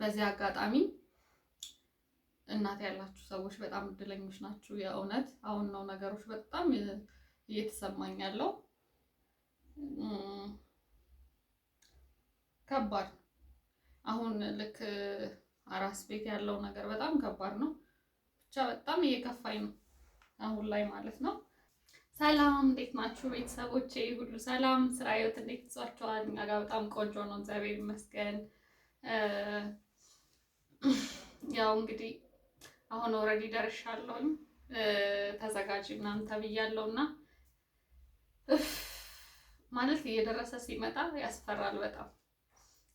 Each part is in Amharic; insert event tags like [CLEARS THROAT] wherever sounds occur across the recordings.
በዚህ አጋጣሚ እናት ያላችሁ ሰዎች በጣም እድለኞች ናችሁ። የእውነት አሁን ነው ነገሮች በጣም እየተሰማኝ ያለው። ከባድ ነው። አሁን ልክ አራስ ቤት ያለው ነገር በጣም ከባድ ነው። ብቻ በጣም እየከፋኝ ነው አሁን ላይ ማለት ነው። ሰላም እንዴት ናችሁ ቤተሰቦቼ? ሁሉ ሰላም ስራ፣ ህይወት እንዴት ይዟችኋል? እኛ ጋር በጣም ቆንጆ ነው፣ እግዚአብሔር ይመስገን። ያው እንግዲህ አሁን ኦልሬዲ ደርሻለሁኝ። ተዘጋጅ ምናምን ተብያለሁ እና ማለት እየደረሰ ሲመጣ ያስፈራል በጣም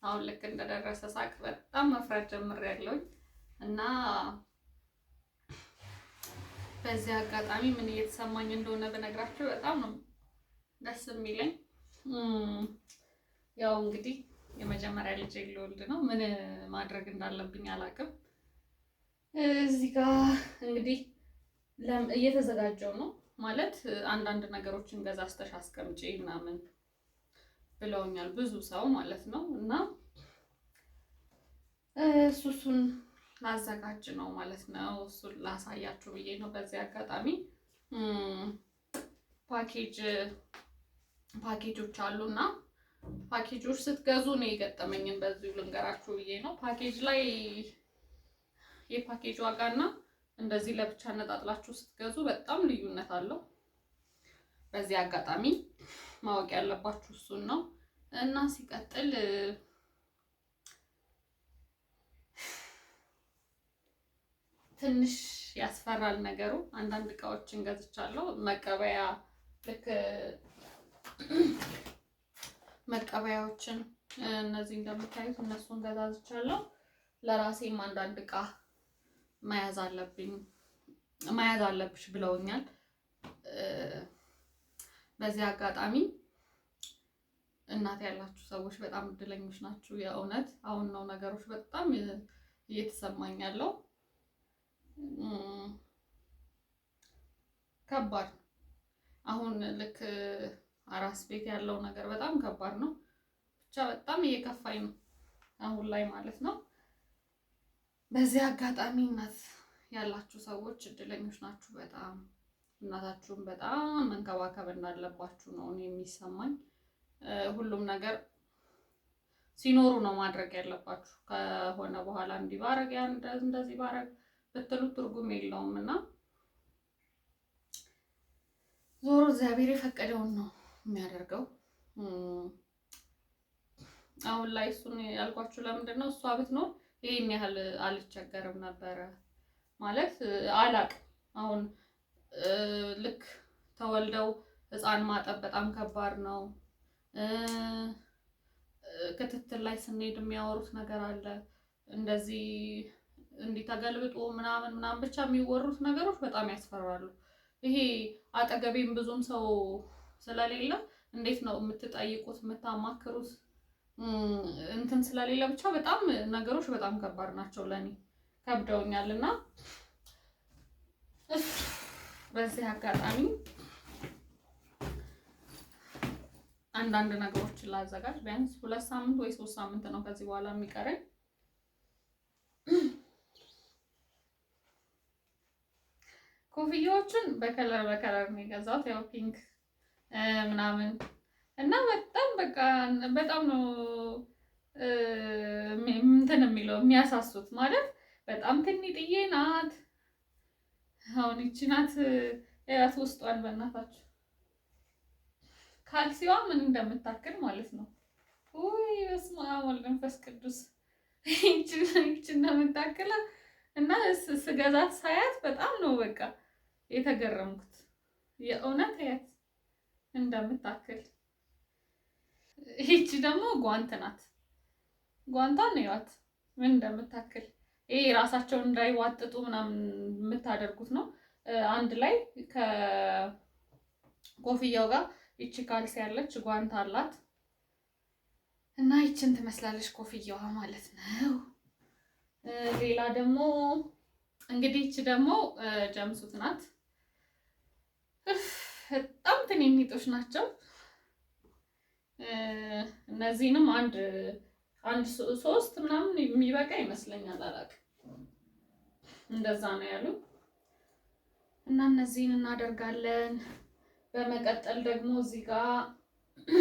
አሁን ልክ እንደደረሰ ሳቅ በጣም መፍራት ጀምሬያለሁኝ እና በዚህ አጋጣሚ ምን እየተሰማኝ እንደሆነ በነግራችሁ በጣም ነው ደስ የሚለኝ። ያው እንግዲህ የመጀመሪያ ልጅ ልወልድ ነው። ምን ማድረግ እንዳለብኝ አላውቅም። እዚህ ጋ እንግዲህ እየተዘጋጀው ነው ማለት አንዳንድ ነገሮችን ገዛዝተሽ አስቀምጪ ምናምን ብለውኛል ብዙ ሰው ማለት ነው። እና እሱሱን ላዘጋጅ ነው ማለት ነው። እሱን ላሳያችሁ ብዬ ነው። በዚህ አጋጣሚ ፓኬጅ ፓኬጆች አሉ እና ፓኬጆች ስትገዙ እኔ የገጠመኝን በዚሁ ልንገራችሁ ብዬ ነው። ፓኬጅ ላይ የፓኬጅ ዋጋና እንደዚህ ለብቻ ነጣጥላችሁ ስትገዙ በጣም ልዩነት አለው። በዚህ አጋጣሚ ማወቅ ያለባችሁ እሱን ነው እና ሲቀጥል ትንሽ ያስፈራል ነገሩ። አንዳንድ እቃዎችን ገዝቻለሁ መቀበያ ልክ መቀበያዎችን እነዚህ እንደምታዩት እነሱን ገዛዝቻለሁ። ለራሴም አንዳንድ እቃ መያዝ አለብኝ መያዝ አለብሽ ብለውኛል። በዚህ አጋጣሚ እናት ያላችሁ ሰዎች በጣም እድለኞች ናችሁ። የእውነት አሁን ነው ነገሮች በጣም እየተሰማኝ ያለው። ከባድ አሁን ልክ አራስ ቤት ያለው ነገር በጣም ከባድ ነው። ብቻ በጣም እየከፋኝ ነው አሁን ላይ ማለት ነው። በዚህ አጋጣሚ እናት ያላችሁ ሰዎች እድለኞች ናችሁ። በጣም እናታችሁን በጣም መንከባከብ እንዳለባችሁ ነው እኔ የሚሰማኝ። ሁሉም ነገር ሲኖሩ ነው ማድረግ ያለባችሁ። ከሆነ በኋላ እንዲህ ባረግ እንደዚህ ባረግ ብትሉ ትርጉም የለውም እና ዞሮ እግዚአብሔር የፈቀደውን ነው የሚያደርገው። አሁን ላይ እሱን ያልኳችሁ ለምንድን ነው እሷ ብትኖር ይህን ያህል አልቸገርም ነበረ ማለት አላቅ አሁን ልክ ተወልደው ህፃን ማጠብ በጣም ከባድ ነው። ክትትል ላይ ስንሄድ የሚያወሩት ነገር አለ እንደዚህ እንዲህ ተገልብጦ ምናምን ምናምን ብቻ የሚወሩት ነገሮች በጣም ያስፈራሉ። ይሄ አጠገቤም ብዙም ሰው ስለሌለ እንዴት ነው የምትጠይቁት የምታማክሩት እንትን ስለሌለ ብቻ በጣም ነገሮች በጣም ከባድ ናቸው። ለእኔ ከብደውኛል እና በዚህ አጋጣሚ አንዳንድ ነገሮችን ላዘጋጅ። ቢያንስ ሁለት ሳምንት ወይ ሶስት ሳምንት ነው ከዚህ በኋላ የሚቀረኝ። ኮፍያዎችን በከለር በከለር ነው የገዛሁት ያው ፒንክ ምናምን እና በጣም በቃ በጣም ነው እንትን የሚለው የሚያሳሱት ማለት በጣም ትንጥዬ ናት። አሁን ይቺ ናት ያት ውስጧን በእናታችሁ ካልሲዋ ምን እንደምታክል ማለት ነው። ውይ በስመ አብ ቅዱስ ይችን እንደምታክል እና ስገዛት ሳያት በጣም ነው በቃ የተገረምኩት የእውነት ያት እንደምታክል። ይቺ ደግሞ ጓንት ናት። ጓንቷን እዩዋት ምን እንደምታክል። ይሄ ራሳቸውን እንዳይዋጥጡ ምናምን የምታደርጉት ነው። አንድ ላይ ከኮፍያው ጋር ይቺ ካልሲ ያለች ጓንት አላት እና ይችን ትመስላለች ኮፍያዋ ማለት ነው። ሌላ ደግሞ እንግዲህ ይቺ ደግሞ ጀምሱት ናት። በጣም ትንኝቶች ናቸው። እነዚህንም አንድ አንድ ሶስት ምናምን የሚበቃ ይመስለኛል። አላቅ እንደዛ ነው ያሉ እና እነዚህን እናደርጋለን። በመቀጠል ደግሞ እዚህ ጋር [CLEARS THROAT]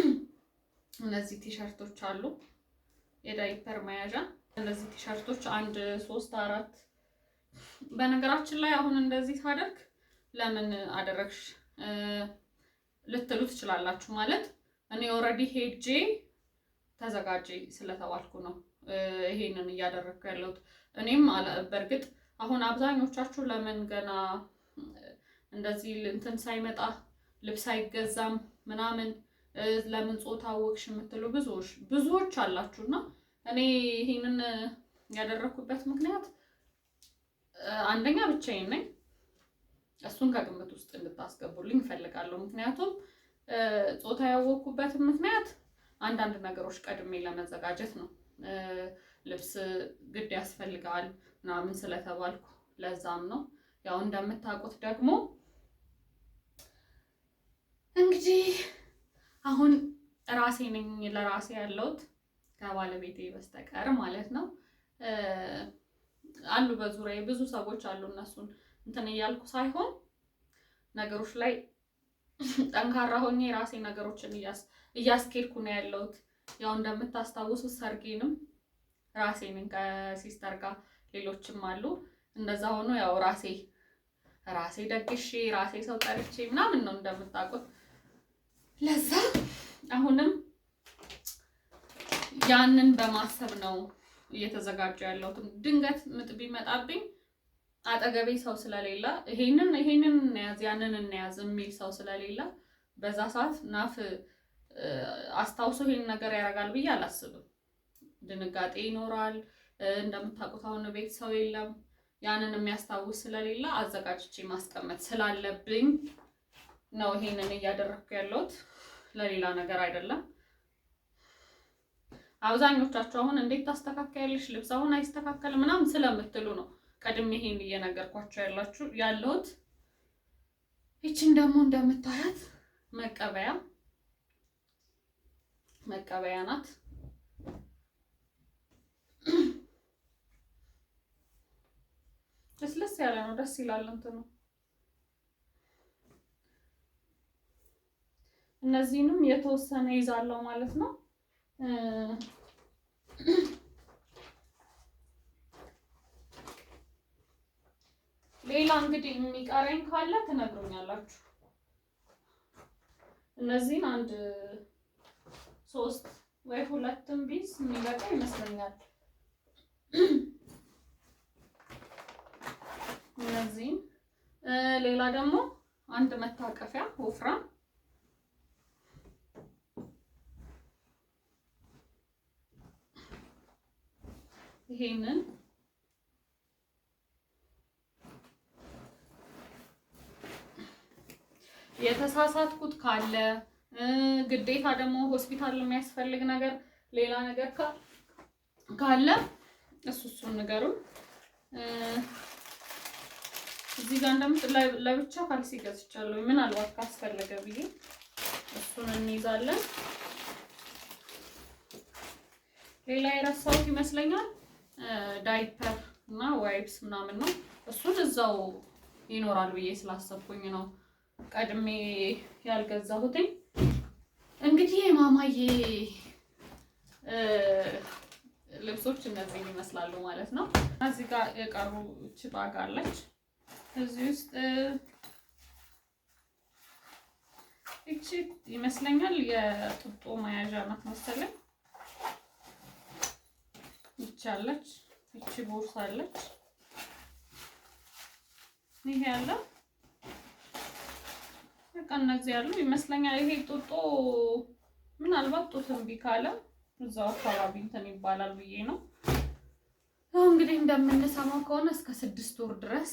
እነዚህ ቲሸርቶች አሉ የዳይፐር መያዣ እነዚህ ቲሸርቶች አንድ ሶስት አራት። በነገራችን ላይ አሁን እንደዚህ ታደርግ ለምን አደረግሽ ልትሉ ትችላላችሁ። ማለት እኔ ኦልሬዲ ሄጄ ተዘጋጀ ስለተባልኩ ነው ይሄንን እያደረግኩ ያለሁት። እኔም በእርግጥ አሁን አብዛኞቻችሁ ለምን ገና እንደዚህ እንትን ሳይመጣ ልብስ አይገዛም ምናምን ለምን ጾታ ወቅሽ የምትሉ ብዙዎች ብዙዎች አላችሁና እኔ ይህንን ያደረኩበት ምክንያት አንደኛ ብቻዬን ነኝ። እሱን ከግምት ውስጥ እንድታስገቡልኝ እፈልጋለሁ። ምክንያቱም ጾታ ያወቅኩበትን ምክንያት አንዳንድ ነገሮች ቀድሜ ለመዘጋጀት ነው። ልብስ ግድ ያስፈልጋል ምናምን ስለተባልኩ ለዛም ነው። ያው እንደምታውቁት ደግሞ እንግዲህ አሁን ራሴ ነኝ ለራሴ ያለሁት ከባለቤቴ በስተቀር ማለት ነው። አሉ በዙሪያ ብዙ ሰዎች አሉ እነሱን እንትን እያልኩ ሳይሆን ነገሮች ላይ ጠንካራ ሆኜ የራሴ ነገሮችን እያስኬድኩ ነው ያለሁት። ያው እንደምታስታውሱት ሰርጌንም ራሴ ከሲስተር ጋር ሌሎችም አሉ። እንደዛ ሆኖ ያው ራሴ ራሴ ደግሼ ራሴ ሰው ጠርቼ ምናምን ነው እንደምታውቁት። ለዛ አሁንም ያንን በማሰብ ነው እየተዘጋጀ ያለሁትም ድንገት ምጥ ቢመጣብኝ አጠገቤ ሰው ስለሌለ ይሄንን ይሄንን እንያዝ ያንን እንያዝ የሚል ሰው ስለሌለ በዛ ሰዓት ናፍ አስታውሶ ይሄን ነገር ያደርጋል ብዬ አላስብም። ድንጋጤ ይኖራል። እንደምታውቁት አሁን ቤት ሰው የለም። ያንን የሚያስታውስ ስለሌለ አዘጋጅቼ ማስቀመጥ ስላለብኝ ነው ይሄንን እያደረግኩ ያለሁት፣ ለሌላ ነገር አይደለም። አብዛኞቻችሁ አሁን እንዴት ታስተካከያለሽ ልብስ አሁን አይስተካከልም ምናምን ስለምትሉ ነው ቀድሜ ይሄን እየነገርኳቸው ያላችሁ ያለሁት። ይችን ደግሞ እንደምታያት መቀበያ መቀበያ ናት። ለስለስ ያለ ነው፣ ደስ ይላል። እንትኑ እነዚህንም የተወሰነ ይዛለው ማለት ነው። ሌላ እንግዲህ የሚቀረኝ ካለ ትነግሩኛላችሁ። እነዚህን አንድ ሶስት ወይ ሁለትም ቢስ የሚበቃ ይመስለኛል። እነዚህም ሌላ ደግሞ አንድ መታቀፊያ ወፍራም ይሄንን የተሳሳትኩት ካለ ግዴታ ደግሞ ሆስፒታል የሚያስፈልግ ነገር ሌላ ነገር ካለ እሱ እሱን ነገሩን እዚህ ጋር እንደምት ለብቻ ካልሲ ገዝቻለሁ። ምናልባት ካስፈለገ ብዬ እሱን እንይዛለን። ሌላ የረሳሁት ይመስለኛል ዳይፐር እና ዋይፕስ ምናምን ነው። እሱን እዛው ይኖራል ብዬ ስላሰብኩኝ ነው ቀድሜ ያልገዛሁትኝ እንግዲህ የማማዬ ልብሶች እነዚህ ይመስላሉ ማለት ነው። እዚህ ጋር የቀሩ ችባጋ አለች። እዚህ ውስጥ እቺ ይመስለኛል የጡጦ መያዣ ናት መሰለኝ። ይቺ አለች። እቺ ቦርሳ አለች። ይሄ ያለው በቃ እነዚህ ያሉ ይመስለኛል። ይሄ ጡጦ ምናልባት ጡት እምቢ ካለ እዛው አካባቢ እንትን ይባላል ብዬ ነው። እንግዲህ እንደምንሰማው ከሆነ እስከ ስድስት ወር ድረስ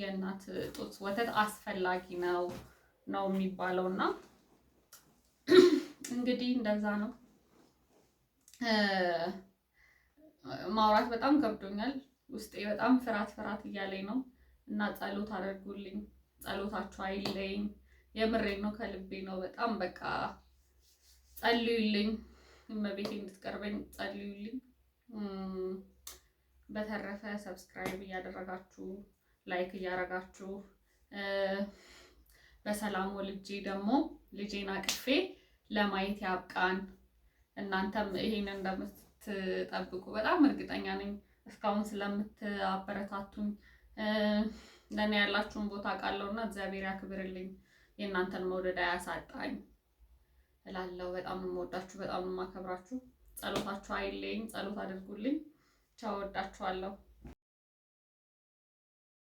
የእናት ጡት ወተት አስፈላጊ ነው ነው የሚባለው እና እንግዲህ እንደዛ ነው። ማውራት በጣም ከብዶኛል። ውስጤ በጣም ፍርሃት ፍርሃት እያለኝ ነው እና ጸሎት አድርጉልኝ፣ ጸሎታችሁ አይለይኝ። የምሬ ነው፣ ከልቤ ነው። በጣም በቃ ጸልዩልኝ፣ እመቤቴ እንድትቀርበኝ ጸልዩልኝ። በተረፈ ሰብስክራይብ እያደረጋችሁ ላይክ እያደረጋችሁ በሰላም ወልጄ ደግሞ ልጄን አቅፌ ለማየት ያብቃን። እናንተም ይሄን እንደምትጠብቁ በጣም እርግጠኛ ነኝ። እስካሁን ስለምታበረታቱኝ ለእኔ ያላችሁን ቦታ እና እግዚአብሔር ያክብርልኝ። የእናንተን መውደድ አያሳጣኝ እላለሁ። በጣም የምወዳችሁ፣ በጣም የማከብራችሁ። ጸሎታችሁ አይለኝ፣ ጸሎት አድርጉልኝ። ቻው፣ ወዳችኋለሁ።